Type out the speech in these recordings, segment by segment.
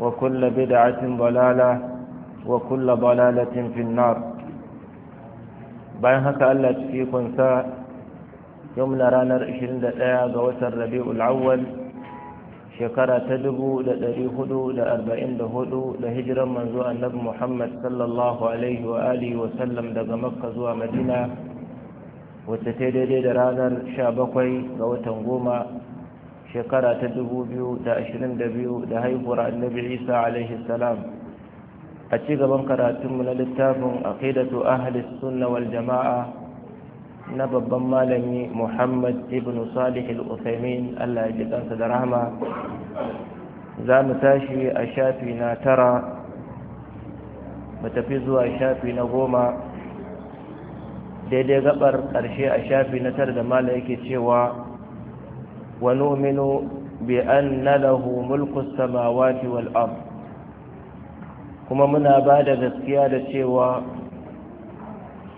وكل بدعة ضلالة وكل ضلالة في النار bayan haka Allah cikin kunsa yau na ranar 21 ga watan Rabi'ul Awwal shekara ta 1444 da hijiran manzo Annabi Muhammad sallallahu alaihi wa wa sallam daga Makka zuwa Madina wacce ta daidai da ranar 17 ga watan goma shekara ta dubu biyu da ashirin da biyu da haihuwar annabi isa alaihi salam a ci gaban karatunmu na littafin aqidatu ahli sunna wal jama'a na babban malami muhammad ibn salih al-uthaymin allah ya ji kansa da rahama za mu tashi a shafi na tara mu tafi zuwa shafi na goma daidai gabar ƙarshe a shafi na tara da malam yake cewa ونؤمن بأن له ملك السماوات والأرض kuma muna ba da gaskiya da cewa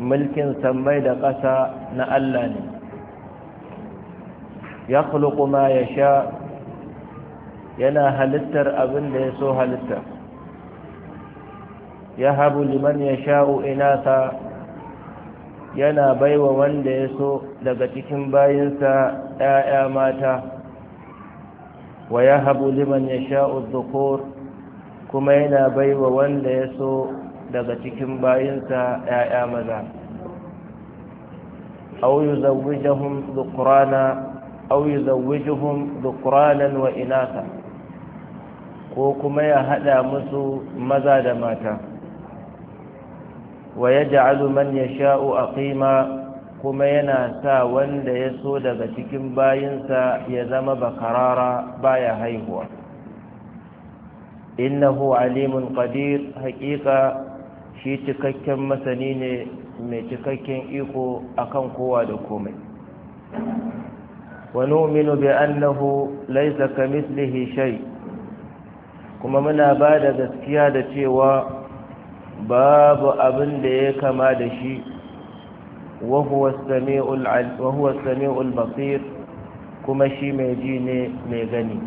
mulkin sammai da ƙasa na Allah ne ya kuma ya sha yana halittar abin da ya so halitta ya habu liman ya sha'u inasa yana baiwa wanda ya so daga cikin bayinsa ‘ya'ya mata wa ya habu liman ya sha'ud zukur kuma yana baiwa wanda ya so daga cikin bayinsa ‘ya'ya maza auyu yi zawujahun zukurana auyu yi zawujahun zukuranan wa inasa ko kuma ya haɗa musu maza da mata wa ya man a aqima kuma yana sa wanda ya so daga cikin bayinsa ya zama bakarara baya haihuwa innahu alimun qadir haƙiƙa shi cikakken masani ne mai cikakken iko akan kowa da komai wa nu'minu bi annahu laysa kamithlihi shay kuma muna ba da gaskiya da cewa babu abin da ya kama da shi wahuwa sami'ul basir kuma shi mai ji ne mai gani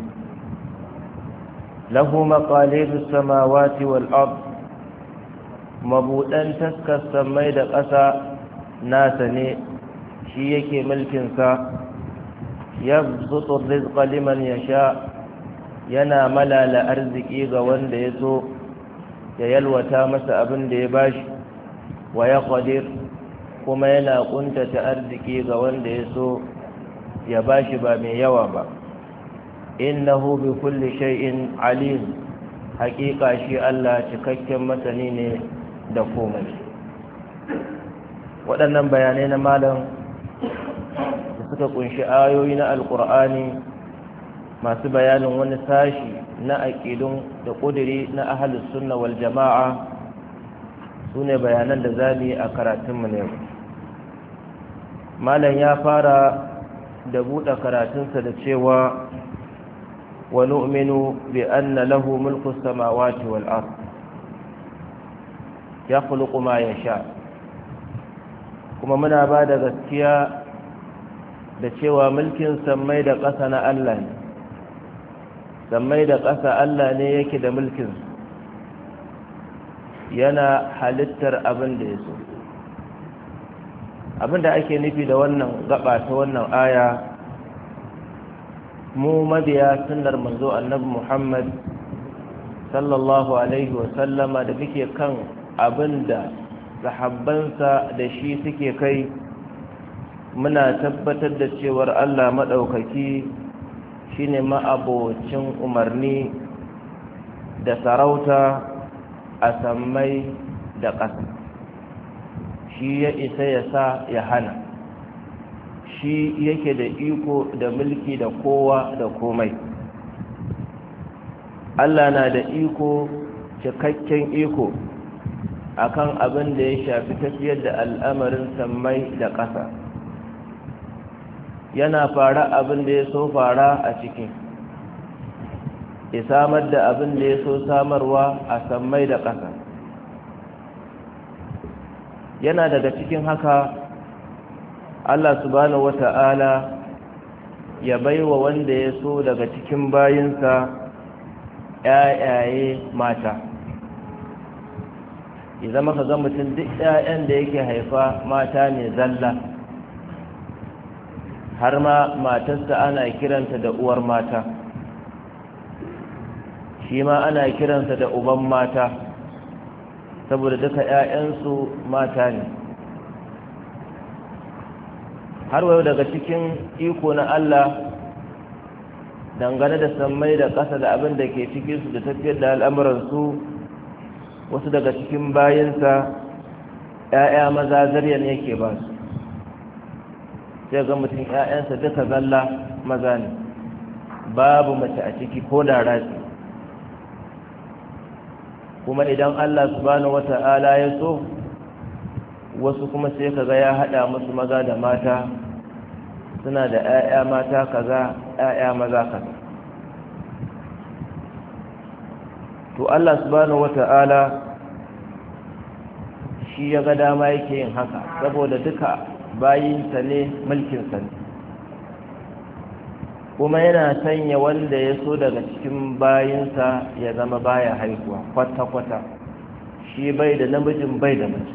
lahu maqalidu samawati wal ard mabudan taskar sammai da ƙasa nasa ne shi yake mulkin sa zutsu rizqa liman yasha yana malala arziki ga wanda ya zo ya yalwata masa abin da ya bashi wa ya qadir kuma yana ƙuntata arziki ga wanda ya so ya bashi ba mai yawa ba innahu bi kulli shay'in alim haƙiƙa shi Allah cikakken masani ne da komai waɗannan bayanai na malam da suka kunshi ayoyi na alkur'ani masu bayanin wani sashi na aƙidun da ƙudiri na ahalus sunna wal jama'a su ne bayanan da za mu yi a karatunmu ne malam ya fara da buɗe karatunsa da cewa wa nu'minu bi anna lahu mulku samawati wal ard yakhluqu ma yasha kuma muna ba da gaskiya da cewa mulkin sammai da ƙasa na Allah ne sammai da ƙasa Allah ne yake da mulkin yana halittar abin da ya so abin da ake nufi da wannan gaba ta wannan aya mu mabiya sunnar manzo annabi Muhammad sallallahu alaihi wasallama da muke kan abinda da sahabbansa da shi suke kai muna tabbatar da cewar Allah maɗaukaki shine ma'abocin umarni da sarauta a sammai da ƙasa shi ya isa ya sa ya hana shi yake da iko da mulki da kowa da komai Allah na da iko cikakken iko akan abin da ya shafi tafiyar da al'amarin sammai da ƙasa yana fara abin da ya so fara a ciki ya samar da abin da ya so samarwa a sammai da ƙasa yana daga cikin haka Allah subhanahu wata'ala ya baiwa wanda ya so daga cikin bayinsa ƴaƴaye mata ya zama ka ga mutum duk ƴaƴan da yake haifa mata ne zalla har ma matarsa ana kiranta da uwar mata shi ma ana kiransa da uban mata saboda duka 'ya'yansu mata ne har wayo daga cikin iko na Allah dangane da sammai da ƙasa da abin da ke cikinsu da tafiyar da al'amuransu wasu daga cikin bayansa ‘ya'ya maza zaryan yake ba su sai ga mutum 'ya'yansa duka zalla maza ne babu mace a ciki ko da ratsi kuma idan Allah subhanahu wata'ala ya so wasu kuma sai kaga ya hada musu maza da mata suna da 'ya'ya mata kaza 'ya'ya maza kaza to Allah subhanahu wata'ala shi ya ga dama yake yin haka saboda duka bayinsa ne mulkinsa ne kuma yana sanya wanda ya so daga cikin bayinsa ya zama baya haihuwa kwata-kwata shi bai da namijin bai da mace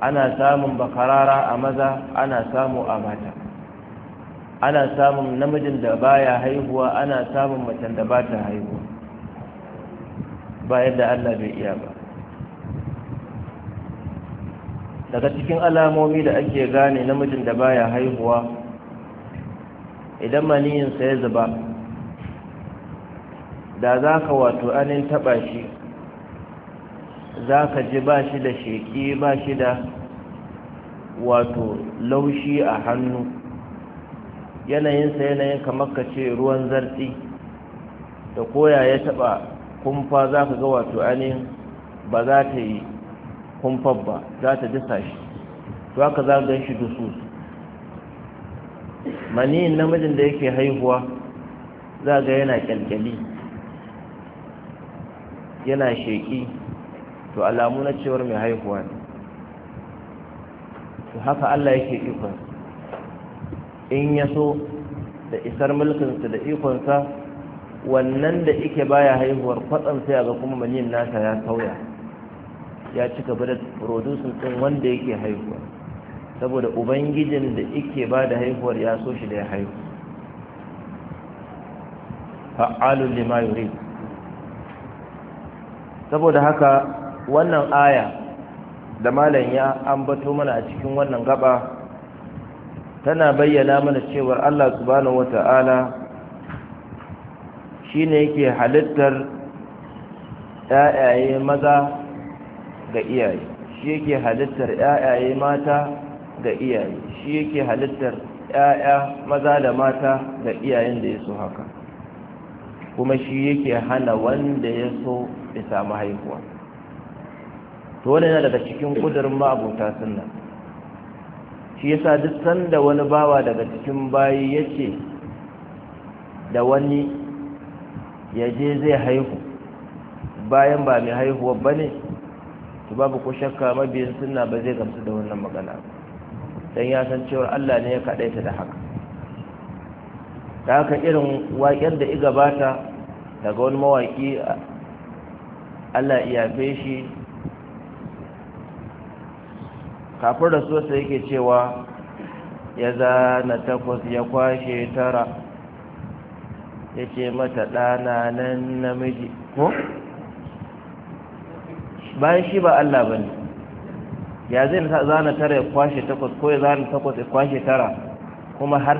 ana samun bakarara a maza ana samu a mata ana samun namijin da baya haihuwa ana samun macen da ba ta haihuwa ba yadda allah bai iya ba daga cikin alamomi da ake gane namijin da baya haihuwa idan maniyinsa ya zuba da za ka wato anin taɓa shi za ka ji ba shi da sheƙi ba shi da wato laushi a hannu yanayinsa yanayin kamar ka ce ruwan zartsi da koya ya taba kumfa za ka ga wato anin ba za ta yi kumfar ba za ta dasa shi to ka za ga shi su. maniyin namijin da yake haihuwa za ga yana kyalkyali yana sheƙi to alamu na cewar mai haihuwa ne to haka Allah yake ikon in ya so da isar mulkinsa da ikonsa wannan da ike baya haihuwar kwatsam sai a ga kuma maniyin nasa ya sauya ya ci gaba da producing din wanda yake haihuwa saboda ubangijin da yake ba da haihuwar ya so shi da ya haihu fa'alun lima yuri saboda haka wannan aya da malam ya ambato mana a cikin wannan gaba tana bayyana mana cewar Allah subhanahu wata'ala shine yake halittar ƴaƴaye maza ga iyaye shi yake halittar ƴaƴaye mata ga iyaye shi yake halittar 'ya'ya maza da mata ga iyayen da ya so haka kuma shi yake hana wanda ya so ya samu haihuwa to wannan yana daga cikin kudurin ma'abota sunna shi yasa duk sanda wani bawa daga cikin bayi yace da wani ya je zai haihu bayan ba mai haihuwa bane to babu ko shakka mabiyin sunna ba zai gamsu da wannan magana dan ya san cewa Allah ne ya kadaita da haka da haka irin waƙen da iga bata daga wani mawaki Allah ya yafe shi kafin rasuwarsa yake cewa ya zana takwas ya kwashe tara ya ce mata ɗana nan namiji ko? bayan shi ba Allah ba ne ya zai zana tara ya kwashe takwas ko ya zana takwas ya kwashe tara kuma har